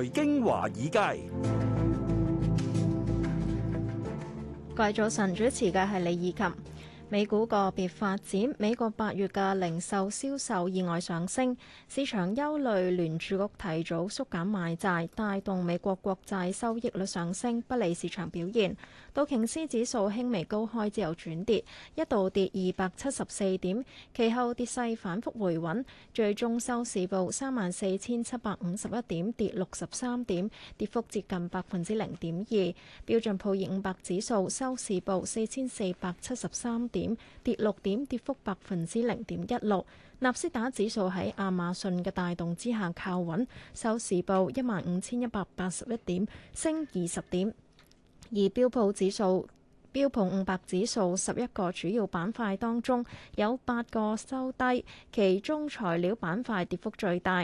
財經華爾街，各位早晨，主持嘅係李綺琴。美股個別發展，美國八月嘅零售銷售意外上升，市場憂慮聯儲局提早縮減買債，帶動美國國債收益率上升，不利市場表現。道瓊斯指數輕微高開之後轉跌，一度跌二百七十四點，其後跌勢反覆回穩，最終收市報三萬四千七百五十一點，跌六十三點，跌幅接近百分之零點二。標準普爾五百指數收市報四千四百七十三點。點跌六點，跌幅百分之零點一六。納斯達指數喺亞馬遜嘅帶動之下靠穩，收市報一萬五千一百八十一點，升二十點。而標普指數標普五百指數十一個主要板塊當中有八個收低，其中材料板塊跌幅最大。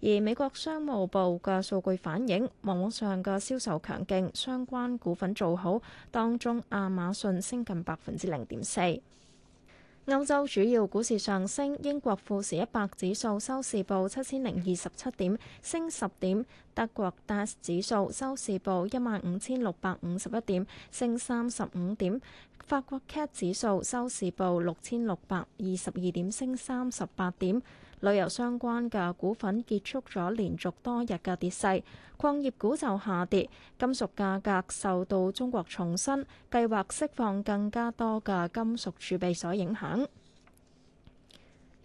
而美國商務部嘅數據反映網上嘅銷售強勁，相關股份做好，當中亞馬遜升近百分之零點四。歐洲主要股市上升，英國富時一百指數收市報七千零二十七點，升十點。德國 DAX 指數收市報一萬五千六百五十一點，升三十五點。法國 CAC 指數收市報六千六百二十二點，升三十八點。旅遊相關嘅股份結束咗連續多日嘅跌勢，礦業股就下跌，金屬價格受到中國重申計劃釋放更加多嘅金屬儲備所影響。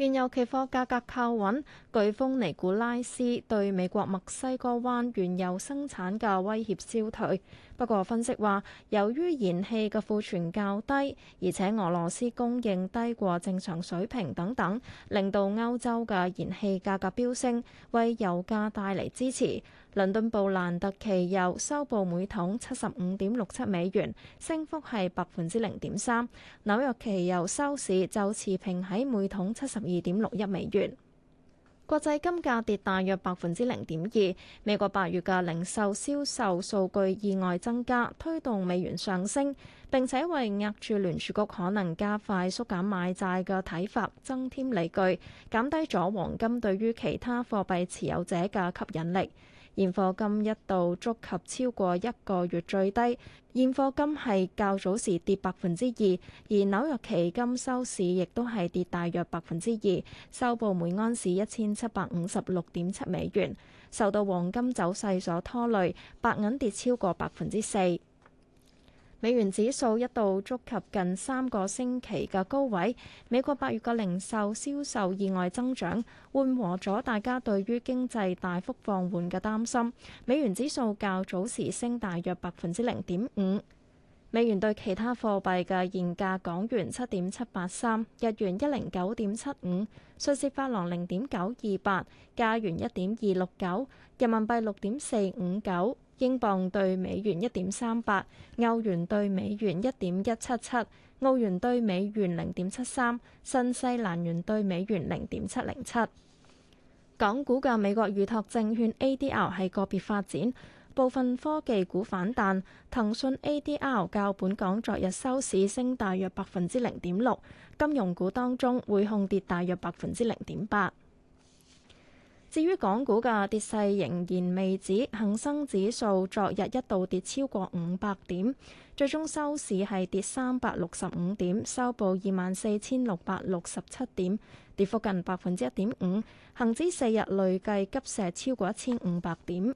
原油期貨價格靠穩，颶風尼古拉斯對美國墨西哥灣原油生產嘅威脅消退。不過，分析話，由於燃氣嘅庫存較低，而且俄羅斯供應低過正常水平等等，令到歐洲嘅燃氣價格飆升，為油價帶嚟支持。倫敦布蘭特期油收報每桶七十五點六七美元，升幅係百分之零點三。紐約期油收市就持平喺每桶七十二點六一美元。國際金價跌大約百分之零點二，美國八月嘅零售銷售數據意外增加，推動美元上升，並且為壓住聯儲局可能加快縮減買債嘅睇法增添理據，減低咗黃金對於其他貨幣持有者嘅吸引力。現貨金一度觸及超過一個月最低，現貨金係較早時跌百分之二，而紐約期金收市亦都係跌大約百分之二，收報每安士一千七百五十六點七美元，受到黃金走勢所拖累，白銀跌超過百分之四。美元指數一度觸及近三個星期嘅高位。美國八月嘅零售銷售意外增長，緩和咗大家對於經濟大幅放緩嘅擔心。美元指數較早時升大約百分之零點五。美元兌其他貨幣嘅現價：港元七點七八三，日元一零九點七五，瑞士法郎零點九二八，加元一點二六九，人民幣六點四五九。英鎊兌美元一點三八，歐元兌美元一點一七七，澳元兌美元零點七三，新西蘭元兌美元零點七零七。港股嘅美國預託證券 ADR 係個別發展，部分科技股反彈，騰訊 ADR 較本港昨日收市升大約百分之零點六，金融股當中匯控跌大約百分之零點八。至於港股嘅跌勢仍然未止，恒生指數昨日一度跌超過五百點，最終收市係跌三百六十五點，收報二萬四千六百六十七點，跌幅近百分之一點五。恒指四日累計急瀉超過一千五百點。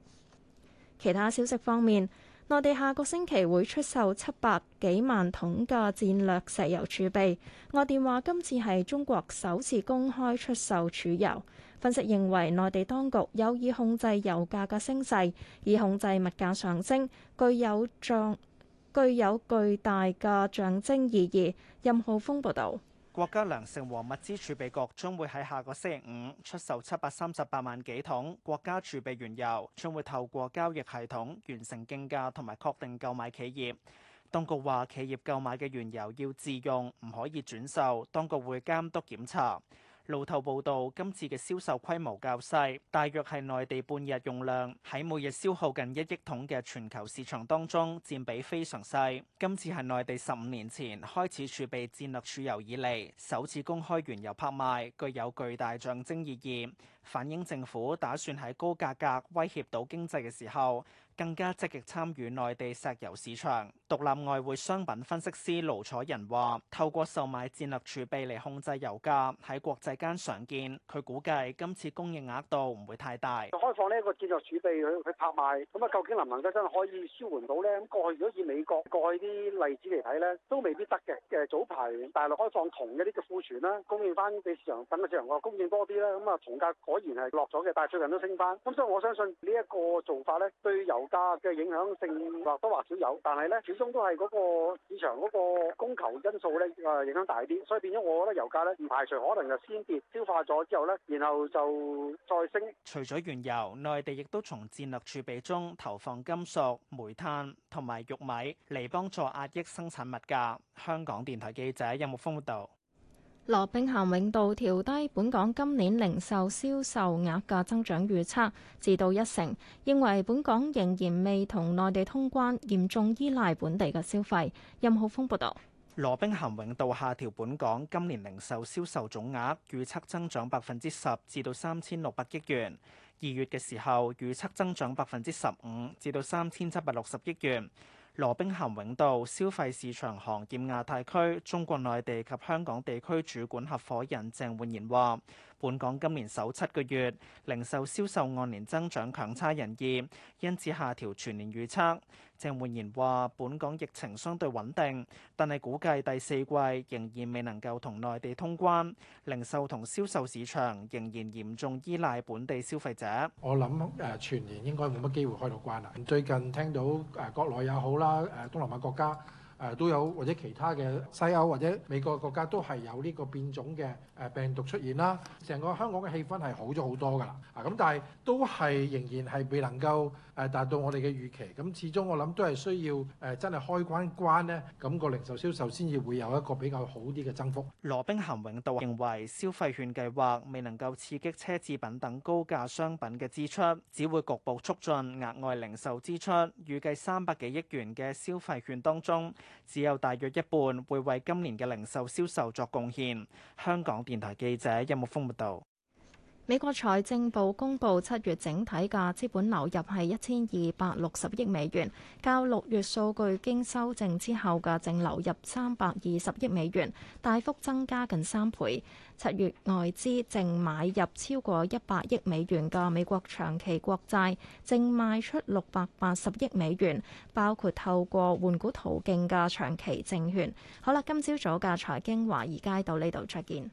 其他消息方面。內地下個星期會出售七百幾萬桶嘅戰略石油儲備。外電話今次係中國首次公開出售儲油。分析認為，內地當局有意控制油價嘅升勢，以控制物價上升，具有象具有巨大嘅象徵意義。任浩峰報導。國家糧食和物資儲備局將會喺下個星期五出售七百三十八萬幾桶國家儲備原油，將會透過交易系統完成競價同埋確定購買企業。當局話，企業購買嘅原油要自用，唔可以轉售。當局會監督檢查。路透報道，今次嘅銷售規模較細，大約係內地半日用量。喺每日消耗近一億桶嘅全球市場當中，佔比非常細。今次係內地十五年前開始儲備戰略儲油以嚟，首次公開原油拍賣，具有巨大象徵意義，反映政府打算喺高價格威脅到經濟嘅時候，更加積極參與內地石油市場，獨立外匯商品分析師盧楚仁話：透過售賣戰略儲備嚟控制油價，喺國際間常見。佢估計今次供應額度唔會太大。開放呢一個戰略儲備去去拍賣，咁啊，究竟能唔能夠真係可以舒緩到呢？咁過去如果以美國過去啲例子嚟睇呢，都未必得嘅。誒早排大陸開放同嘅呢個庫存啦，供應翻俾市場等嘅市候，個供應多啲啦，咁啊同價果然係落咗嘅，但係最近都升翻。咁所以我相信呢一個做法呢，對油價嘅影響性或多或少有，但係咧，始終都係嗰個市場嗰個供求因素咧，誒影響大啲，所以變咗我覺得油價咧唔排除可能就先跌消化咗之後咧，然後就再升。除咗原油，內地亦都從戰略儲備中投放金屬、煤炭同埋玉米嚟幫助壓抑生產物價。香港電台記者任木豐報道。羅兵咸永道調低本港今年零售銷售額嘅增長預測，至到一成，認為本港仍然未同內地通關，嚴重依賴本地嘅消費。任浩峰報道。羅兵咸永道下調本港今年零售銷售總額預測增長百分之十，至到三千六百億元。二月嘅時候，預測增長百分之十五，至到三千七百六十億元。羅兵咸永道消費市場行業亞太區中國內地及香港地區主管合伙人鄭煥然話：本港今年首七個月零售銷售按年增長強差人意，因此下調全年預測。鄭煥然話，本港疫情相對穩定，但係估計第四季仍然未能夠同內地通關，零售同銷售市場仍然嚴重依賴本地消費者。我諗誒，全年應該冇乜機會開到關啦。最近聽到誒，國內也好啦，誒，東南亞國家。誒都有或者其他嘅西歐或者美國國家都係有呢個變種嘅誒病毒出現啦。成個香港嘅氣氛係好咗好多噶啦。啊咁，但係都係仍然係未能夠誒達到我哋嘅預期。咁始終我諗都係需要誒真係開關關咧，咁個零售銷售先至會有一個比較好啲嘅增幅。羅兵咸永道認為消費券計劃未能夠刺激奢侈品等高價商品嘅支出，只會局部促進額外零售支出。預計三百幾億元嘅消費券當中。只有大約一半會為今年嘅零售銷售作貢獻。香港電台記者任木峯報道。美國財政部公布七月整體嘅資本流入係一千二百六十億美元，較六月數據經修正之後嘅淨流入三百二十億美元，大幅增加近三倍。七月外資淨買入超過一百億美元嘅美國長期國債，淨賣出六百八十億美元，包括透過換股途徑嘅長期證券。好啦，今朝早嘅財經華爾街到呢度再見。